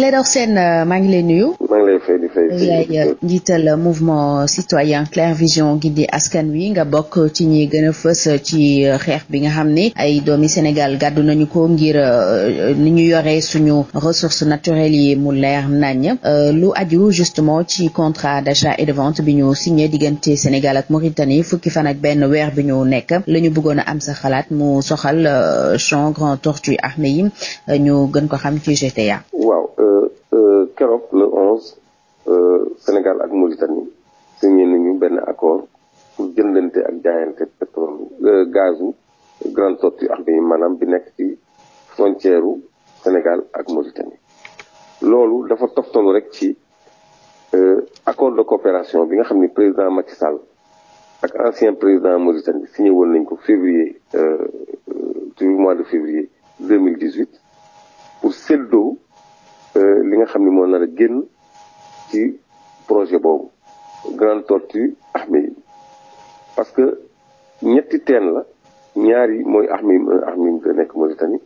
Clédor Sène euh, maa ngi lay nuyu. Euh, njiital euh, mouvement citoyen Claire Vision di askan wi nga bokk ci ñi gën a fës ci xeex bi nga xam ni ay doomi Sénégal gàddu nañu ko ngir ni ñu yore suñu ressources naturelles yi mu leer nañ lu aju justement ci contrat d'achat et de vente bi ñu signé diggante Sénégal ak Mauritanie fukki fan ak benn weer bi ñu nekk la ñu bëggoon a am sa xalaat mu soxal champ Grand Tortue Ahmeyim ñu gën ko xam ci GTA. waaw. keroog le 11 euh, Sénégal ak Mauritanie signé nañu benn accord ak jaayante pétrole euh, gazu Grande Tortue ak bi nekk ci frontière u Sénégal ak Mauritanie loolu dafa toftalu rek ci euh, accord de coopération bi nga xam ni président Macky Sall ak ancien président Mauritanie signé woon nañ ko février ci mois de février 2018 li nga xam ne moo nar a génn ci projet boobu Grande Tortue Ahmeyim parce que ñetti teen la ñaar yi mooy Ahmeyim euh, Ahmeyim da nekk Mauritanie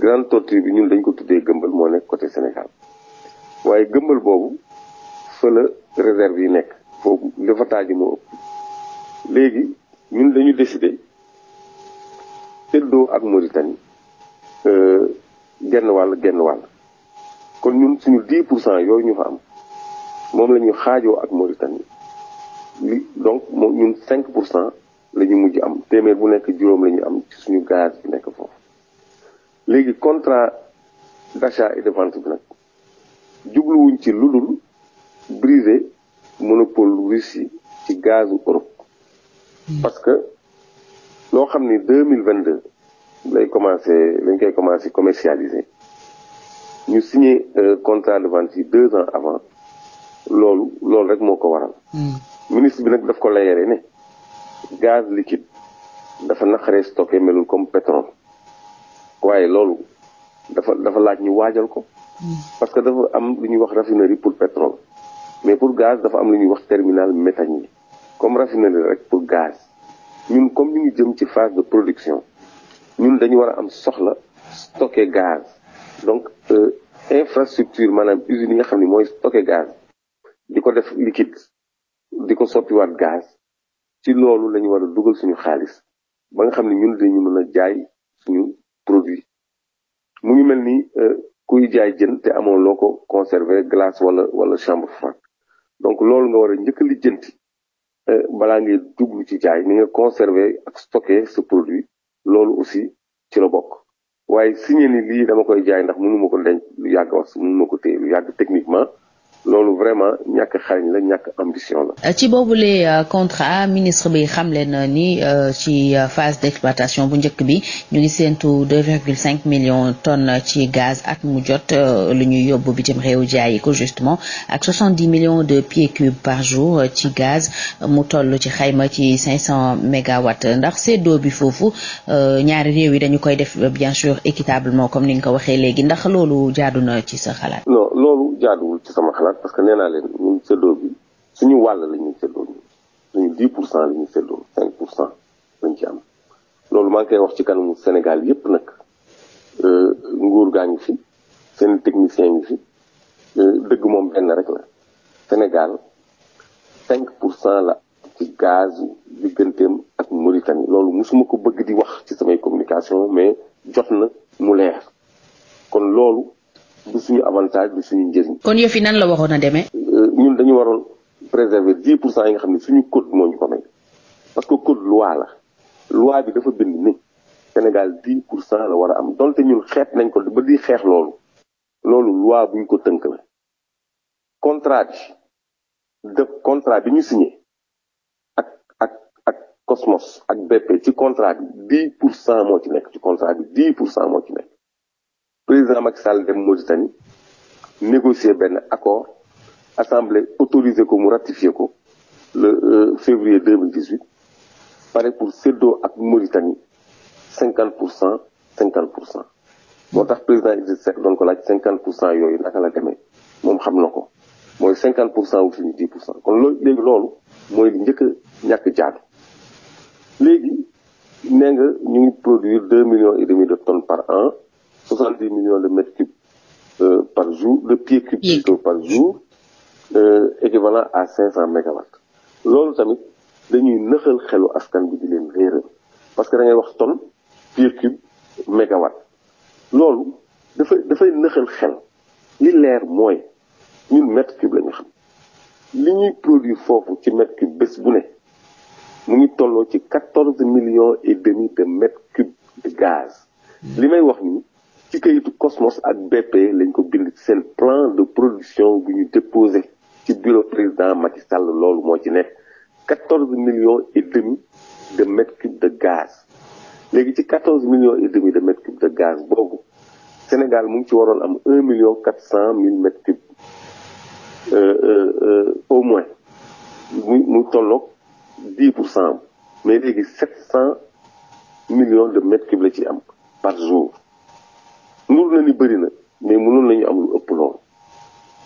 Grande Tortue bi ñun dañ ko tuddee Gëmbal moo nekk côté Sénégal waaye Gëmbal boobu fa la réserve yi nekk foofu dafa taaji moo ëpp léegi ñun dañu décider séddoo ak Mauritanie euh, genn wàll genn wàll kon ñun suñu 10 pour cent yooyu ñu fa am moom la ñu xaajoo ak Mauritanie donc moom ñun cinq pour cent la ñu mujj am téeméer bu nekk juróom la ñu am ci suñu gaz bi nekk foofu. léegi contrat d'achat et de vente bi nag jubluwuñ ci lu dul briser monopole Russie ci gazu Europe. Hmm. parce que loo xam ni 2022 lay commencé lañ koy commencé commercialiser. ñu signé euh, contrat de vente yi deux ans avant loolu loolu rek moo ko waral. Hmm. ministre bi nag daf ko layere ne gaz liquide dafa naqaree stocké melul comme pétrole waaye loolu dafa dafa laaj ñu waajal ko. Hmm. parce que dafa am lu ñuy wax raffinerie pour pétrole mais pour gaz dafa am lu ñuy wax terminal méthanier comme raffinerie rek pour gaz ñun comme ñu ngi jëm ci phase de production ñun dañu war a am soxla stocké gaz. donc euh, infrastructure maanaam usines yi nga xam ne mooy stocké gaz di ko def liquide di ko sottiwaat gaz ci loolu lañu ñu war a dugal suñu xaalis ba nga xam ne ñun ñu mën a jaay suñu produit mu ngi mel ni euh, kuy jaay jën te amoon loo ko conserver glace wala wala chambre froide donc loolu nga war a njëkk a lijjanti euh, balaa ngay dugg ci jaay ni nga conserver ak stocké sa produit loolu aussi waaye signé ni lii dama koy jaay ndax mënu ko denc lu yàgg wax mënu ma ko téye lu yàgg techniquement loolu vraiment ñàkk xarañ la ñàkk ambition la. Euh, ci boobule euh, contrat ministre bi xam na euh, ni ci phase d'exploitation bu njëkk bi ñu ngi séentu million millions tonnes ci gaz ak mu jot lu ñuy yóbbu bitim réew jaayi ko justement ak 70 millions de pieds cubes par jour ci gaz mu toll ci xayma ci 500 mégawatts ndax séddoo bi foofu ñaari réew yi dañu koy def bien sûr équitablement comme ni nga ko waxee léegi ndax loolu jaadu na ci sa xalaat. jaaduwul ci sama xalaat parce que nee naa leen ñun séddoo bi suñu wàll la ñuy séddoo ñun suñu 10 pour cent la ñuy séddoo 5 pour cent lañ ci am loolu maa ngi koy wax ci kanamu Sénégal yépp nag euh, nguur gaa ngi fi seen technicien ngi fi euh, dëgg moom benn rek la Sénégal 5 pour cent la ci gaz digganteem ak Mauritanie loolu mosuma ko bëgg di wax ci samay communication mais jot na mu leer kon loolu du suñu avantage du suñu njëriñ. kon yëf yi la waxoon a demee. Euh, ñun dañu waroon préserver dix pour cent yi nga xam ne suñu code moo ñu ko may parce que code loi la loi bi dafa bind ni Sénégal dix pour cent la war a am donte ñun xeet nañ ko ba di xeex loolu loolu loi buñ ko tënk la contrat bi de contrat bi ñu signé ak ak ak Cosmos ak BP ci contrat bi dix pour cent moo ci nekk ci contrat bi dix pour cent moo ci nekk. président Macky Sall dem Mauritanie négocier benn accord assemblée autorisé ko mu ratifié ko le euh, février 2018 pare pour séddoo ak Mauritanie cinquante pour cent cinquante pour cent moo tax président Idriss Seck doon ko laaj cinquante pour cent yooyu naka la demee moom xam na ko mooy cinquante pour cent wu suñu dix pour cent kon loolu léegi loolu mooy njëkk a ñàkk jaadu léegi nee ñu ngi produire deux millions et demi de tonnes par an soixante dix millions de mètres cubes euh, par jour de pieds cubes plutôt par jour euh, équivalent à cinq cent mégawatts loolu tamit dañuy nëxal xelu askan bi di leen réeral parce que da wax tonne pieds cubes mégawatt loolu dafay dafay nëxal xel li leer mooy ñun mètre cube la xam li ñuy produire foofu ci mètre cube bés bu ne mu ngi tolloo ci quatorze millions et demi de mètres cubes de gaz hmm. li may wax nii ci kayitu Cosmos ak BP lañ ko bind seen plan de production bu ñu déposé ci bureau président Macky Sall loolu moo ci nekk quatorze millions et demi de mètres cubes de gaz léegi ci quatorze millions et demi de mètres cubes de gaz boobu Sénégal mu ngi ci waroon am un million quatre cent mille mètres cubes euh, euh, euh, au moins mu mu dix pour cent mais léegi sept cent millions de mètres cubes la ci am par jour nur na ni bëri na mais mënoon lañu am lu ëpp loolu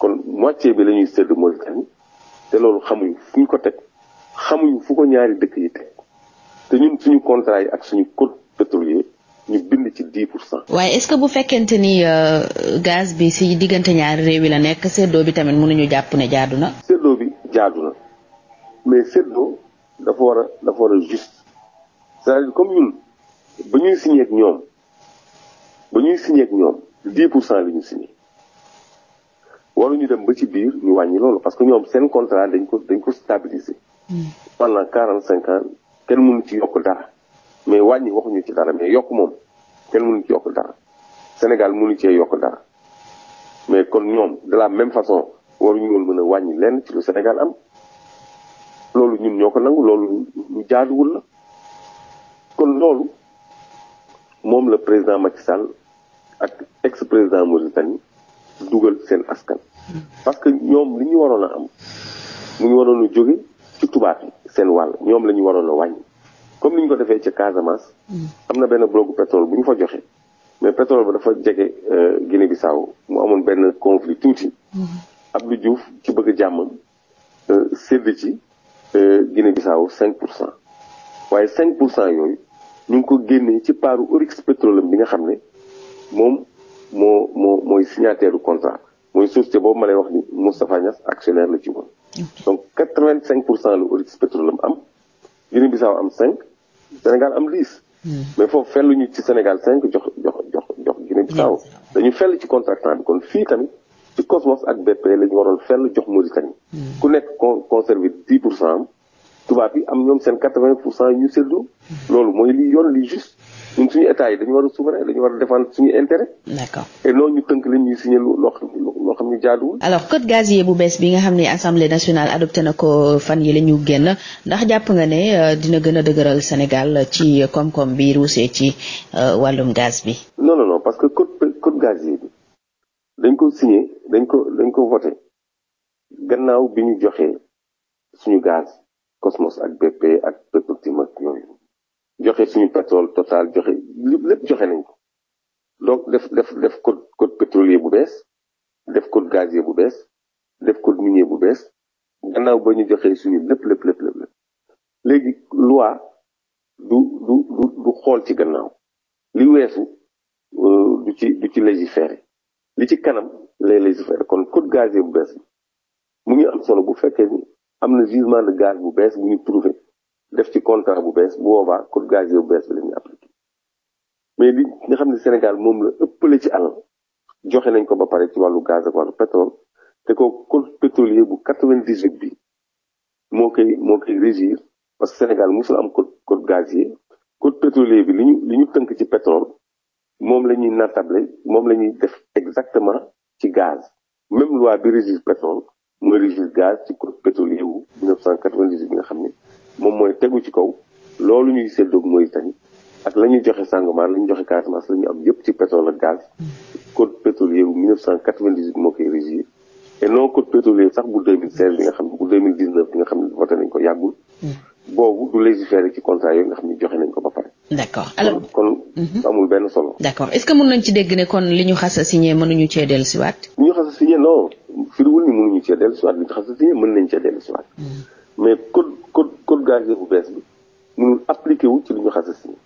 kon moitié bi la ñuy sedd Mauritanie te loolu xamuñu fu ñu ko teg xamuñu fu ko ñaari dëkk yi teg te ñun suñu contrat yi ak suñu code pétrolier ñu bind ci 10 pour cent. waaye est-ce que bu fekkente ni euh, gaz bi si diggante ñaari réew la nekk seddoo bi tamit mënuñu jàpp ne jaadu na. seddoo bi jaadu na mais seddoo dafa war a dafa war a juste c'est-à-dire comme ñun ba ñuy signé ak ñoom. ba ñuy signé ak ñoom dix pour cent la ñu signé waruñu dem ba ci biir ñu wàññi loolu parce que ñoom seen contrat dañ ko dañ ko stabilisé. Hmm. pendant quarante cinq ans kenn mënu ci yokk dara mais wàññi waxuñu ci dara mais yokk moom kenn mënu ci yokk dara Sénégal mënu cee yokk dara mais kon ñoom de la même façon waruñu woon mën a wàññi lenn ci lu Sénégal am loolu ñun ñoo ko nangu loolu ñu jaaduwul la kon loolu moom la président Macky Sall. ak ex président Mauritanie dugal seen askan. parce que ñoom lu ñu waroon a am mu ngi waroon a jóge ci tubaab seen wàll ñoom la ñu waroon a wàññi comme ni ñu ko defee ci Casamance. am na benn bloc pétrole bu ñu fa joxe. mais pétrole ba dafa jege euh, Guinée Bissau mu amoon benn conflit tuuti. lu Diouf ci bëgg jàmmam euh, sédd ci euh, Guinée Bissau cinq pour cent waaye cinq pour cent yooyu ñu ngi ko génnee ci paaru Oryx Petroleum bi nga xam ne. moom moo moo mooy signataire contrat mooy société boobu ma lay wax ni Moustapha Niass actionnaire la ci woon. donc quatre vingt cinq pour cent la Oryx Petroleum am Guinée Bissau am cinq Sénégal am dix. Hmm. mais foofu felluñu ci Sénégal cinq jox jox jox jox Guinée Bissau dañu fell ci contractant bi kon fii tamit ci Cosmos ak BP la ñu waroon fell jox Mauritanie. Hmm. ku nekk con conservé dix pour cent am tubaab yi am ñoom seen quatre vingt pour cent ñu seddu hmm. loolu mooy li yoon li ñun suñu état yi dañu war a souverain dañu war a défendre suñu intérêt. d'accord et loolu ñu tënk la ñuy loo xam ne jaaduwul. alors code gazier bu bees bi nga xam ne assemblée nationale adopté na ko fan yi lañu ñu génn ndax jàpp nga ne euh, dina gën a dëgëral Sénégal ci koom-koom bi ruusee ci euh, wàllum gaz bi. non non parce que code code gazier bi dañ ko signé dañ ko dañ ko voté gannaaw bi ñu joxee suñu gaz Cosmos ak BP ak Petrotim ak yooyu. joxe suñu pétrole total joxe lépp joxe nañ ko donc def def def code code pétrolier bu bees def code gazier bu bees def code minier bu bees gannaaw ba ñu joxe suñu lépp lépp lépp lépp lépp léegi loi du du du xool ci gannaaw li weesu euh, du ci du ci légiférer li ci kanam lay légiférer kon code gazier bu bees mu ngi am solo bu fekkee ni am na gisement de gaz bu bees bu ñu def ci contrat bu bees bu boobaa code gazier bu bees bi la ñuy appliqué mais li nga xam ne Sénégal moom la ëppale ci àll joxe nañ ko ba pare ci wàllu gaz ak wàllu pétrole te ko code pétrolier bu quatre vingt dix bi moo koy moo koy parce que Sénégal musul am code code gazier code pétrolier bi li ñu li ñu tënk ci pétrole moom la ñuy natable moom la ñuy def exactement ci gaz même loi bi régir pétrole mooy régir gaz ci code pétrolier wu 1998 bi nga xam ni moom mooy tegu ci kaw loolu ñuy séddoog Mauritanie ak la ñuy joxe Sangomar la ñuy joxe Casamance la am yëpp ci pétrole ak code pétrolier bu 1998 nga xam ne bu 2019 nga xam ne voté nañ ko yàggul hmm. boobu du légiférer ci contrat nga xam ne joxe nañ ko ba pare. d' kon mhm. amul benn solo. d' est ce que mën nañ ci dégg ne kon li ñu xas a signé mënuñu cee dellusiwaat. li ñu xas a signé non firiwul ni mënuñu cee dellusiwaat li ñu xas a signé mën nañ étranger bu bees bi mënul appliqué wu ci li ñu xas a signé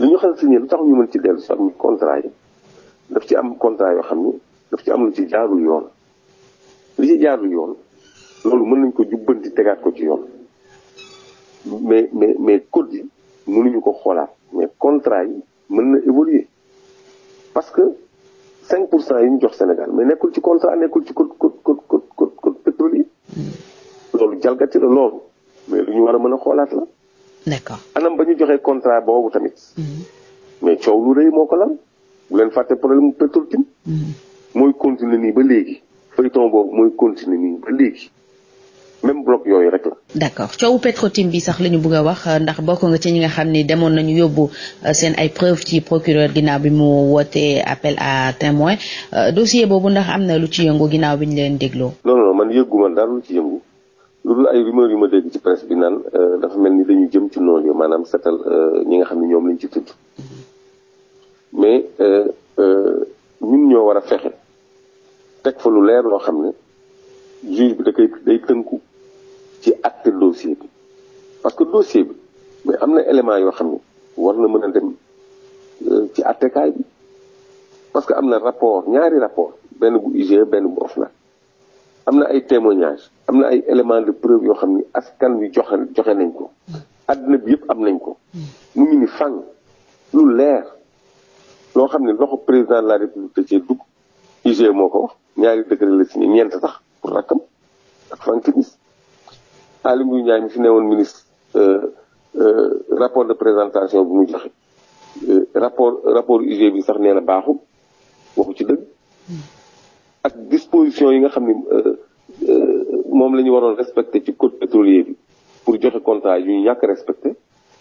li ñu xas a lu tax ñu mën ci dellu si muy contrat yi daf ci am contrat yoo xam ni daf ci am lu ci jaarul yoon li ci jaarul yoon loolu mën nañ ko jubbanti tegaat ko ci yoon mais mais mais code yi mënuñu ko xoolaat mais contrat yi mën na évoluer parce que cinq pour cent yi ñu jox Sénégal mais nekkul ci contrat nekkul ci code code code code code pétrolier hmm. loolu jalgati la loolu mais lu ñu war a mën a xoolaat la. d'accord anam ba ñu joxee contrat boobu tamit. Mm-hmm. mais coow lu rëy moo ko lan bu leen fàtte problème mu Petrotim. Mm-hmm. mooy mooy continuer nii ba léegi. même bloc yooyu rek la. d'accord coowu Petrotim bi sax la ñu bëgg a wax ndax bokk nga ci ñi nga xam ni demoon nañu yóbbu euh, seen ay preuve ci procureur ginnaaw bi mu wootee appel à témoin euh, dossier boobu ndax am na lu ci yëngu ginaaw bi ñu leen dégloo. non non man yëgguma dara lu ci lu dul ay rumeur yu ma dégg ci presse bi naan euh, dafa mel ni dañu jëm ci noonu yi maanaam setal euh, ñi nga xam ne ñoom lañ ci tudd mais euh, ñun ñoo war a fexe teg fa lu leer loo xam ne juge bi da day tënku ci acte dossier bi parce que dossier bi mais am na élément yoo xam ne war na mën a dem ci attekaay bi parce que am na rapport ñaari rapport benn bu UG e, benn bu OFNAC am na ay témoignages am na ay éléments de preuve yoo xam ni askan wi joxe joxe nañ ko. àdduna bi yëpp am nañ ko. mu ngi ni fang lu leer loo xam ne loxo président de la république da cee dugg moo ko wax ñaari décret la signé ñeent sax pour rakkam ak Franck Timis Aly Ngouille Ndiaye mi fi newoon ministre euh, euh, rapport de présentation bu mu joxe euh, rapport rapport UG bi sax nee na baaxul waxu ci dëgg. ak disposition yi nga xam ni euh, euh, moom la ñu waroon respecté ci code pétrolier bi pour joxe contrat yu ñu ñàkk respecté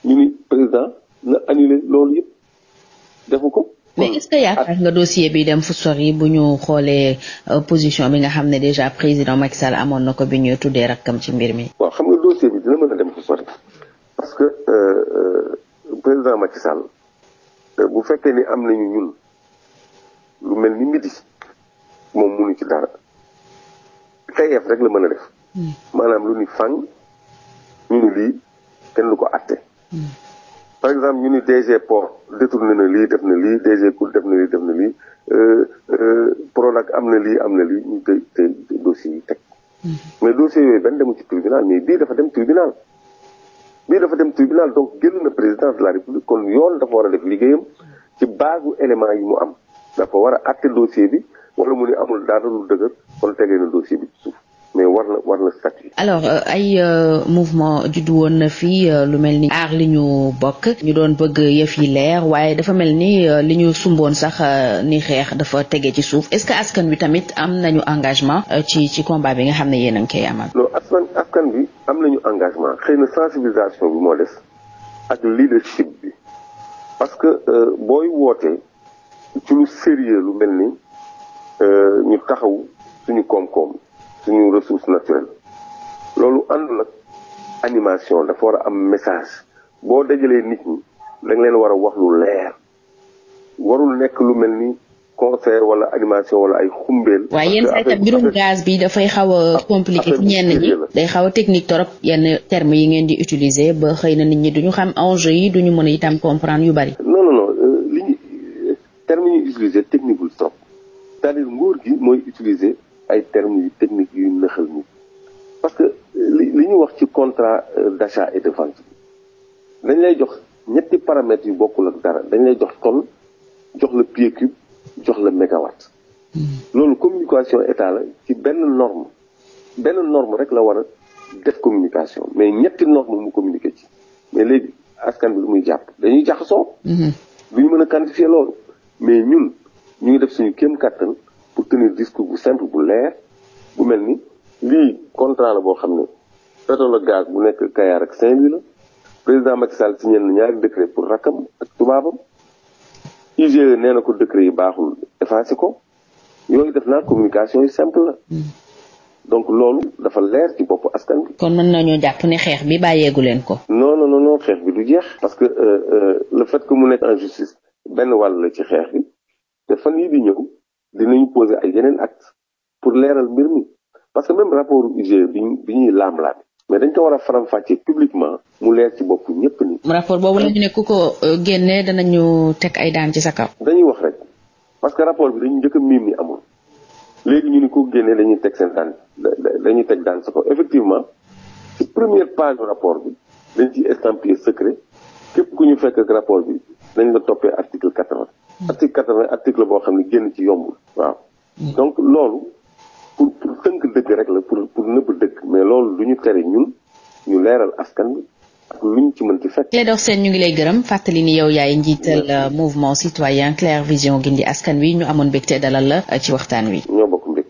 ñu ni président na annulé loolu yëpp defu ko. mais est-ce que yaakaar nga dossier bi dem fu bu ñu xoolee euh, position bi nga xam ne déjà président Macky Sall amoon na ko bi ñu tuddee rakkam ci mbir mi. waaw xam nga dossier bi dina mën a dem fu parce que président Macky bu fekkee ni am nañu ñun lu mel ni midi. moom munu ci dara tayeef rek la mën a def hmm. maanaam lu ni fan ñu ni lii kenn lu ko atte hmm. par exemple ñu ni DG port détourné na lii def na lii DG cour def na lii def na lii euh, euh, Prodac am na lii am na lii ñu tey tey dossiers yi teg hmm. mais dossiers yooyu benn demul ci tribunal mais bii dafa dem tribunal bii dafa dem tribunal donc génn na président de la république kon yoon dafa war a def liggéeyam ci baagu élément yi mu am dafa war a atte dossier bi wala mu ne amul dara lu dëgër kon tegee na dossier bi ci suuf mais war na war na statut. alors euh, ay euh, mouvement juddu woon na fi euh, lu mel ni aar li ñu bokk. ñu doon bëgg yëf yi leer waaye dafa mel ni li ñu sumboon sax ni xeex dafa tege ci suuf est-ce que askan bi tamit am nañu engagement ci ci combat bi nga xam ne yéen a ngi koy amal. non askan bi am nañu engagement xëy na sensibilisation bi moo des ak leadership bi parce que booy wootee ci lu sérieux lu Euh, ñu taxaw suñu koom-koom suñu ressource naturelle loolu àndul ak animation dafa war a am message boo dajalee nit ñi da leen war a wax lu leer warul nekk lu mel ni concert wala animation wala ay xumbeel. waaw yenn saa itam mbirum gaz bi dafay xaw a compliqué ñenn ñi day xaw a technique torop yenn termes yi ngeen di utiliser ba xëy na nit ñi duñu xam enjeu yi duñu mën a itam comprendre yu bari. mooy utiliser ay termes yu techniques yu nëxal ni parce que euh, li li ñu wax ci contrat euh, d'achat et de vente dañ lay jox ñetti paramètres yu bokkul ak dara dañ lay jox tonne jox la pied cube jox la mégawatt hmm. loolu communication état la ci benn norme benn norme rek la war a def communication mais ñetti norme mu communiqué ci mais léegi askan bi lu muy jàpp dañuy jaxasoo. Hmm. du ñu mën a quantifier loolu mais ñun ñu ngi def suñu kéem kattan pour tenir discours bu simple bu leer bu mel ni lii contrat la boo xam ne pétrole ak gaz bu nekk Kayar ak saint la président Macky Sall signé na ñaari décret pour rakkam ak tubaabam UGE nee na ko décret yi baaxul effacé ko yooyu def naa communication yi simple la hmm. donc loolu dafa leer ci bopp askan bi kon mën nañu jàpp ne xeex bi bàyyeegu leen ko non non non xeex bi du jeex parce que euh, euh, le fait que mu nekk en justice benn wàll la ci xeex bi te fan yi di ñëw dinañ poser ay yeneen acte pour leeral mbir mi parce que même rapport IGE bi bi ñuy laam-laam mais dañ ko war a faram-fàccee publiquement mu leer ci bopp ñëpp ni rapport boobu la ñu ku ko euh, génnee danañu teg ay daan ci sa dañuy wax rek parce que rapport bi dañu njëkk a miim ni amul léegi ñu ni ku génnee dañuy teg seen daan dañuy teg daan sa effectivement ci première page rapport bi dañ ci estampillé secret képp ku ñu fekk ak rapport bi dañ la toppee article quatre-vingt article quatre vingt la boo xam ne génn ci yombul waaw mm. donc loolu pour pour tënk dëgg rek la pour pour nëbb dëgg mais loolu du ñu tere ñun ñu leeral askan bi ak luñ ci mën ci fekk. Clédor Sène ñu ngi lay gërëm fàttali ni yow yaay njiital euh, mouvement citoyen Claire Vision gindi askan wi ñu amoon te dalal la euh, ci waxtaan wi. ñoo bokk